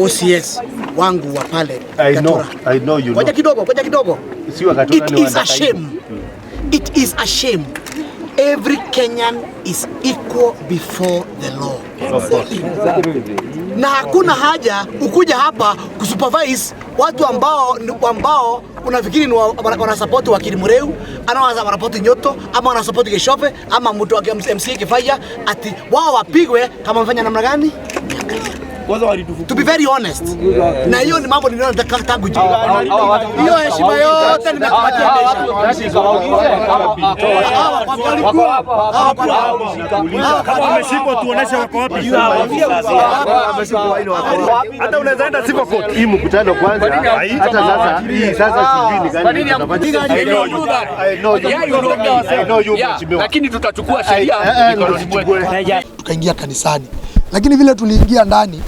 OCS wangu wa pale ngoja kidogo, ngoja kidogo. It is a shame. It is a shame. Every Kenyan is equal before the law na hakuna haja ukuja hapa kusupervise watu ambao ambao unafikiri ni wanasapoti wakili Mureu ana wanasapoti Nyoto ama wanasapoti Keshope ama mtu wa MC Kifaya, ati wao wapigwe kama mfanya namna gani? To be very honest. Na hiyo ni mambo ninayotaka tangu jana. Hiyo heshima yote nimekupatia. tuoneshe wako wapi. Hata unaweza enda court. Hii mkutano kwanza. Hata sasa hii sasa Lakini tutachukua sheria tukaingia kanisani, lakini vile tuliingia ndani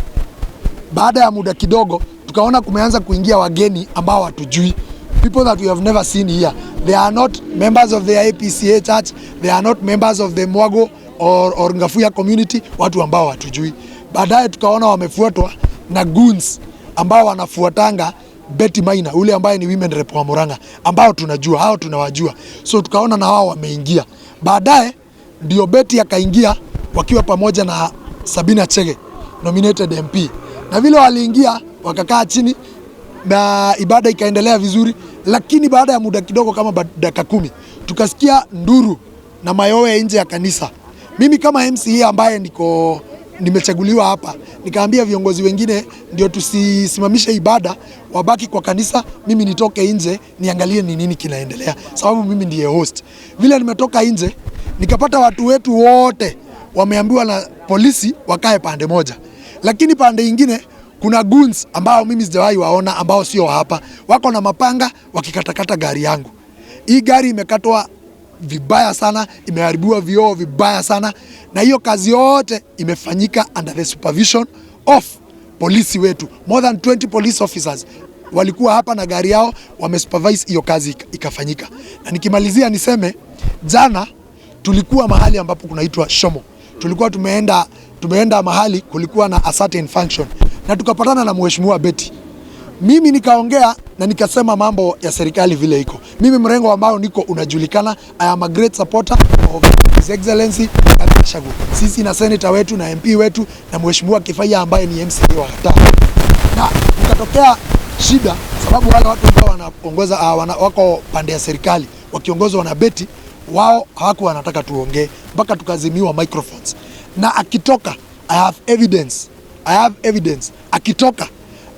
baada ya muda kidogo, tukaona kumeanza kuingia wageni ambao hatujui, people that we have never seen here. They are not members of the IPCA church, they are not members of the Mwago or, or Ngafuya community, watu ambao hatujui. Baadaye tukaona wamefuatwa na goons ambao wanafuatanga Betty Maina ule ambaye ni women rep wa Murang'a, ambao tunajua hao tunawajua, so tukaona na wao wameingia. Baadaye ndio Betty akaingia wakiwa pamoja na Sabina Chege nominated MP na vile waliingia wakakaa chini na ibada ikaendelea vizuri, lakini baada ya muda kidogo kama dakika kumi tukasikia nduru na mayowe nje ya kanisa. Mimi kama MCA ambaye niko nimechaguliwa hapa, nikaambia viongozi wengine ndio tusisimamishe ibada, wabaki kwa kanisa, mimi nitoke nje niangalie ni nini kinaendelea, sababu mimi ndiye host. Vile nimetoka nje nikapata watu wetu wote wameambiwa na polisi wakae pande moja. Lakini pande nyingine kuna guns ambao mimi sijawahi waona ambao sio hapa, wako na mapanga wakikatakata gari yangu. Hii gari imekatwa vibaya sana, imeharibiwa vioo vibaya sana, na hiyo kazi yote imefanyika under the supervision of polisi wetu. More than 20 police officers walikuwa hapa na gari yao, wamesupervise hiyo kazi ikafanyika. Na nikimalizia niseme jana tulikuwa mahali ambapo kunaitwa Shomo tulikuwa tumeenda, tumeenda mahali kulikuwa na a certain function na tukapatana na mheshimiwa Beti. Mimi nikaongea na nikasema mambo ya serikali vile iko. Mimi mrengo ambao niko unajulikana. I am a great supporter of His Excellency Rigathi Sisi na senator wetu na MP wetu na mheshimiwa Kifaya ambaye ni MC wa hata. na ukatokea shida sababu wale watu ambao wanaongoza ah, wako pande ya serikali wakiongozwa na Beti wao hawakuwa wanataka tuongee mpaka tukazimiwa microphones, na akitoka I have evidence, I have evidence. Akitoka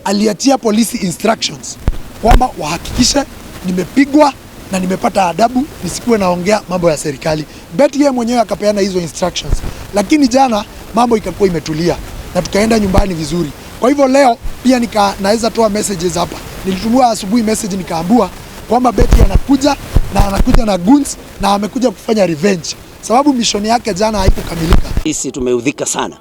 aliachia polisi instructions kwamba wahakikishe nimepigwa na nimepata adabu nisikuwe naongea mambo ya serikali. Beti yeye mwenyewe akapeana hizo instructions, lakini jana mambo ikakuwa imetulia na tukaenda nyumbani vizuri. Kwa hivyo leo pia nika naweza toa messages hapa. Nilitumia asubuhi message nikaambua kwamba Beti anakuja na anakuja na guns na amekuja kufanya revenge, sababu mishoni yake jana haikukamilika. Sisi tumeudhika sana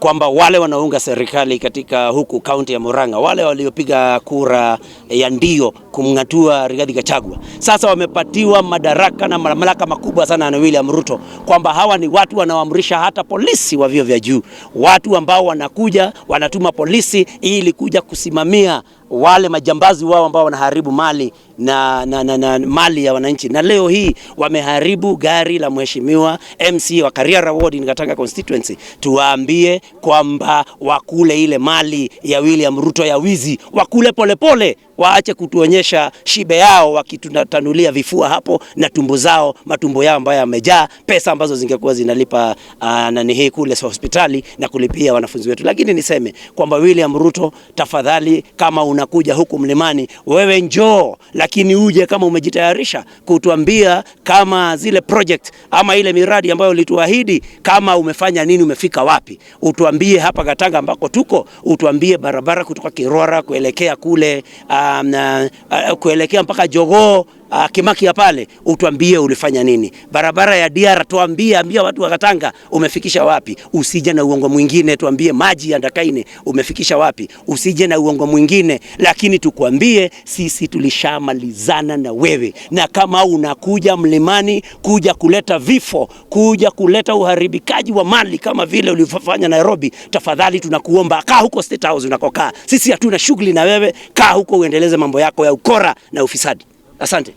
kwamba wale wanaunga serikali katika huku kaunti ya Murang'a, wale waliopiga kura ya ndio kumng'atua Rigathi Gachagua, sasa wamepatiwa madaraka na mamlaka makubwa sana na William Ruto, kwamba hawa ni watu wanaoamrisha hata polisi wa vyo vya juu, watu ambao wanakuja wanatuma polisi ili kuja kusimamia wale majambazi wao ambao wanaharibu mali na, na, na, na mali ya wananchi, na leo hii wameharibu gari la mheshimiwa MC wa Kariara Ward in Gatanga constituency. Tuwaambie kwamba wakule ile mali ya William Ruto ya wizi, wakule polepole, waache kutuonyesha shibe yao wakitunatanulia vifua hapo na tumbo zao, matumbo yao ambayo yamejaa pesa ambazo zingekuwa zinalipa ah, nani hii kule hospitali na kulipia wanafunzi wetu. Lakini niseme kwamba William Ruto, tafadhali kama una inakuja huku mlimani, wewe njoo, lakini uje kama umejitayarisha kutuambia kama zile project ama ile miradi ambayo ulituahidi, kama umefanya nini, umefika wapi, utuambie hapa Gatanga ambako tuko, utuambie barabara kutoka Kirora kuelekea kule um, uh, uh kuelekea mpaka Jogoo uh, Kimaki ya pale, utuambie ulifanya nini. Barabara ya DR tuambie, ambia watu wa Katanga umefikisha wapi. Usije na uongo mwingine, tuambie maji ya Ndakaini umefikisha wapi. Usije na uongo mwingine, lakini tukuambie sisi tulishamalizana na wewe, na kama unakuja mlimani kuja kuleta vifo, kuja kuleta uharibikaji wa mali kama vile ulivyofanya Nairobi, tafadhali tunakuomba kaa huko State House unakokaa. Sisi hatuna shughuli na wewe, kaa huko uendeleze mambo yako ya ukora na ufisadi. Asante.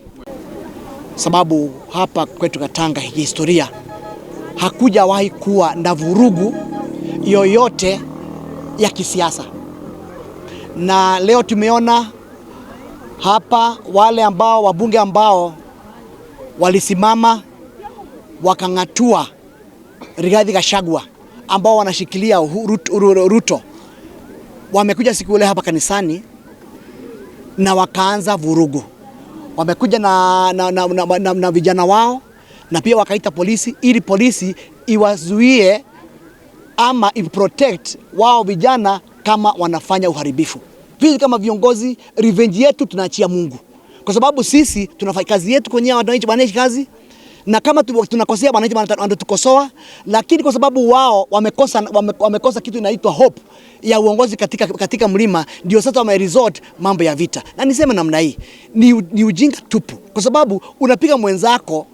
Sababu hapa kwetu Katanga kihistoria hakujawahi kuwa na vurugu yoyote ya kisiasa, na leo tumeona hapa wale ambao wabunge ambao walisimama wakang'atua Rigathi Gachagua ambao wanashikilia Ruto wamekuja siku ile hapa kanisani na wakaanza vurugu wamekuja na, na, na, na, na, na, na vijana wao na pia wakaita polisi ili polisi iwazuie ama iprotect wao vijana kama wanafanya uharibifu. Vii kama viongozi, revenge yetu tunaachia Mungu, kwa sababu sisi tunafanya kazi yetu kwenye wananchi wananchi kazi na kama tunakosea wananchi wanatukosoa, lakini kwa sababu wao wamekosa, wame, wamekosa kitu inaitwa hope ya uongozi katika, katika mlima, ndio sasa wame resort mambo ya vita. Na niseme namna hii ni, ni ujinga tupu, kwa sababu unapiga mwenzako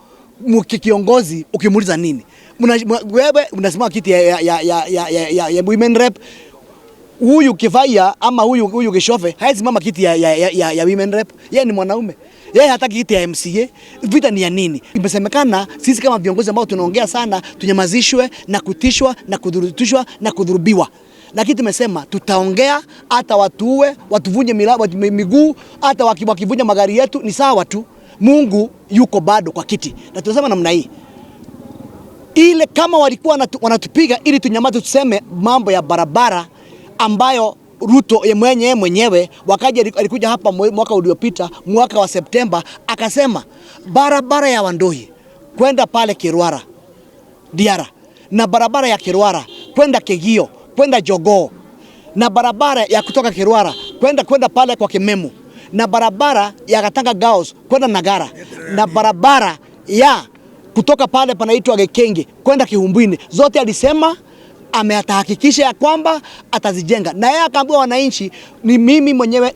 kiongozi ukimuuliza nini? wewe unasimama kiti ya, ya, ya, ya, ya, ya, ya women rep huyu Kivaiya ama huyu huyu Kishofe hawezi mama kiti ya, ya, ya, ya women rep. Yeye ni mwanaume, yeye hataki kiti ya MCA. Vita ni ya nini? Imesemekana sisi kama viongozi ambao tunaongea sana tunyamazishwe na kutishwa na kudhurutishwa na kudhurubiwa, lakini tumesema tutaongea hata watuue, watuvunje miguu, hata wakivunja magari yetu ni sawa tu. Mungu yuko bado kwa kiti, na tunasema namna hii ile, kama walikuwa wanatupiga ili tunyamaze, tuseme mambo ya barabara ambayo Ruto mwenye mwenyewe wakaja, alikuja hapa mwaka uliopita, mwaka wa Septemba, akasema barabara ya Wandoi kwenda pale Kirwara Diara na barabara ya Kirwara kwenda Kegio kwenda Jogoo na barabara ya kutoka Kirwara kwenda kwenda pale kwa Kimemu na barabara ya Katanga Gaos kwenda Nagara na barabara ya kutoka pale panaitwa Gekenge kwenda Kihumbwini, zote alisema ameatahakikisha ya kwamba atazijenga, na yeye akaambia wananchi, ni mimi mwenyewe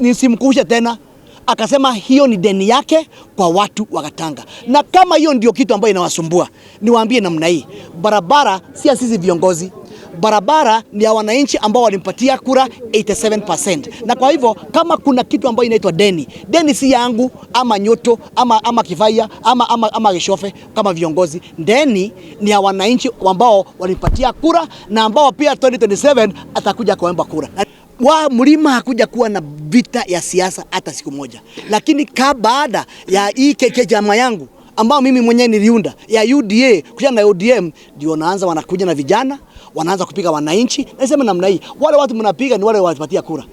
nisimkuushe tena. Akasema hiyo ni deni yake kwa watu wa Katanga, na kama hiyo ndio kitu ambayo inawasumbua, niwaambie namna hii, barabara si ya sisi viongozi barabara ni ya wananchi ambao walimpatia kura 87%. Na kwa hivyo kama kuna kitu ambayo inaitwa deni, deni si yangu ama nyoto ama, ama kivaia ama, ama, ama gishofe kama viongozi, deni ni ya wananchi ambao walimpatia kura na ambao pia 2027 atakuja kuomba kura wa mlima hakuja kuwa na vita ya siasa hata siku moja, lakini ka baada ya hii keke jama yangu ambao mimi mwenyewe niliunda ya UDA kuja na ODM, ndio wanaanza wanakuja na vijana wanaanza kupiga wananchi. Nasema namna hii, wale watu mnapiga ni wale wanapatia kura.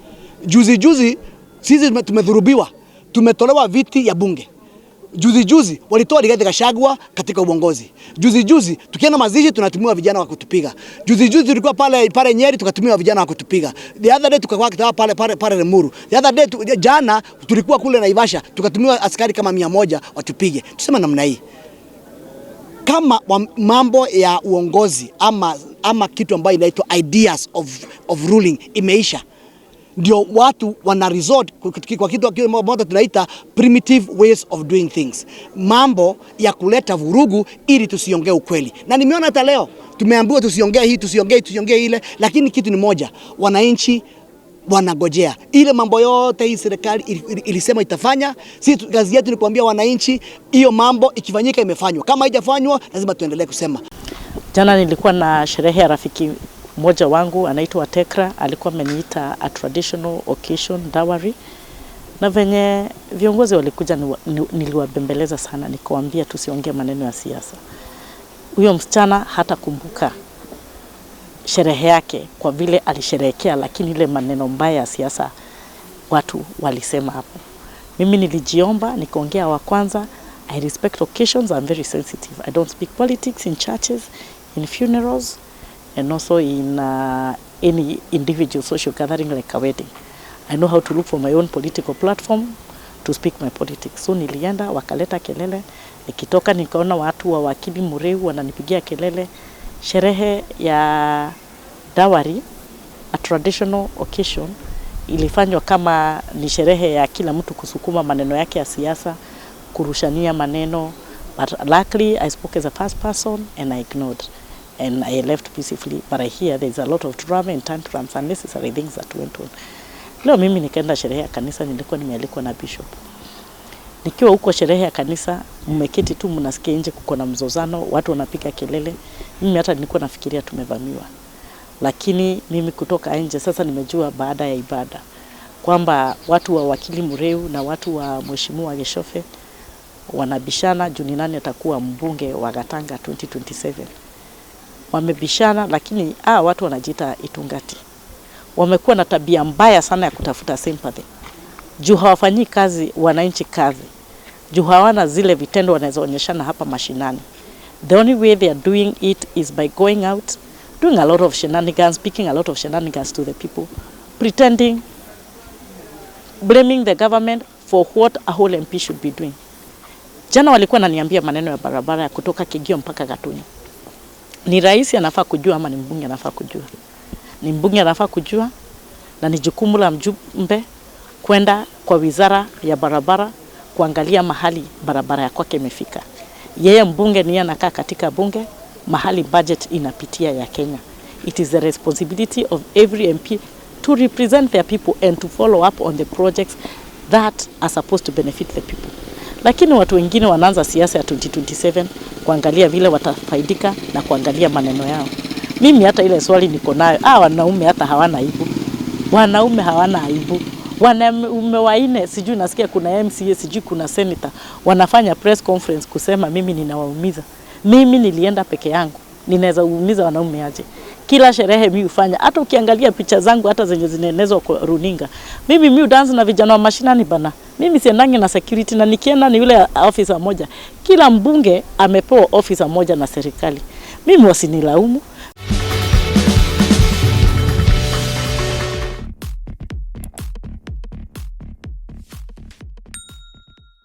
Juzi juzi sisi tumedhurubiwa, tumetolewa viti ya bunge. Juzi juzi walitoa Rigathi Gachagua katika uongozi. Juzi juzi tukienda mazishi tunatumiwa vijana wa kutupiga. Juzi juzi tulikuwa pale pale Nyeri tukatumiwa vijana wa kutupiga. The other day tukakuwa kitawa pale pale pale Lemuru. The other day tu, jana tulikuwa kule Naivasha tukatumiwa askari kama 100 watupige. Tuseme namna hii kama mambo ya uongozi ama, ama kitu ambayo inaitwa ideas of, of ruling imeisha, ndio watu wana resort kwa kitu moja tunaita primitive ways of doing things, mambo ya kuleta vurugu ili tusiongee ukweli. Na nimeona hata leo tumeambiwa tusiongee hii tusiongee tusiongee ile, lakini kitu ni moja, wananchi wanagojea ile mambo yote hii serikali ilisema itafanya. Sisi kazi yetu ni kuambia wananchi hiyo mambo ikifanyika, imefanywa. Kama haijafanywa, lazima tuendelee kusema. Jana nilikuwa na sherehe ya rafiki mmoja wangu anaitwa Tekra, alikuwa ameniita a traditional occasion dowry, na venye viongozi walikuja niliwabembeleza sana, nikawambia tusiongee maneno ya siasa. Huyo msichana hata kumbuka sherehe yake kwa vile alisherehekea, lakini ile maneno mbaya ya siasa watu walisema hapo. Mimi nilijiomba nikaongea wa kwanza. I respect occasions, I'm very sensitive. I don't speak politics in churches, in funerals and also in uh, any individual social gathering like a wedding. I know how to look for my own political platform to speak my politics. So nilienda wakaleta kelele, nikitoka nikaona watu wa wakili Mureu wananipigia kelele Sherehe ya dawari, a traditional occasion, ilifanywa kama ni sherehe ya kila mtu kusukuma maneno yake ya siasa, kurushania maneno, but luckily I spoke as a first person and I ignored and I left peacefully, but I hear there is a lot of drama and tantrums, unnecessary things that went on. Leo mimi nikaenda sherehe ya kanisa, nilikuwa nimealikwa na bishop. Nikiwa huko sherehe ya kanisa, mmeketi tu mnasikia nje kuko na mzozano, watu wanapiga kelele. Mimi hata nilikuwa nafikiria tumevamiwa, lakini mimi kutoka nje sasa nimejua baada ya ibada kwamba watu wa wakili Mureu na watu wa mheshimiwa Geshofe wanabishana Juni nane atakuwa mbunge wa Gatanga 2027. Wamebishana, lakini ah, watu wanajiita Itungati wamekuwa na tabia mbaya sana ya kutafuta sympathy juu hawafanyii kazi wananchi kazi juu hawana zile vitendo wanazoonyeshana hapa mashinani. The only way they are doing it is by going out, doing a lot of shenanigans, speaking a lot of shenanigans to the people, pretending, blaming the government for what a whole MP should be doing. Jana walikuwa naniambia maneno ya barabara ya kutoka Kigio mpaka Gatuni. Ni rais anafaa kujua ama ni mbunge anafaa kujua? Ni mbunge anafaa kujua na ni jukumu la mjumbe kwenda kwa wizara ya barabara kuangalia mahali barabara ya kwake imefika. Yeye mbunge ni anakaa katika bunge mahali budget inapitia ya Kenya. It is the responsibility of every MP to represent their people and to follow up on the projects that are supposed to benefit the people. Lakini watu wengine wanaanza siasa ya 2027 kuangalia vile watafaidika na kuangalia maneno yao. Mimi hata ile swali niko nayo, ah, wanaume hata hawana aibu. Wanaume hawana aibu wanaume waine, sijui nasikia kuna MCA, sijui kuna senator wanafanya press conference kusema mimi ninawaumiza. Mimi nilienda peke yangu, ninaweza uumiza wanaume aje? Kila sherehe mimi hufanya, hata ukiangalia picha zangu hata zenye zinaenezwa kwa runinga, mimi mimi dance na vijana wa mashinani bana. Mimi siendangi na security, na nikienda ni yule officer moja. Kila mbunge amepewa officer moja na serikali, mimi wasinilaumu.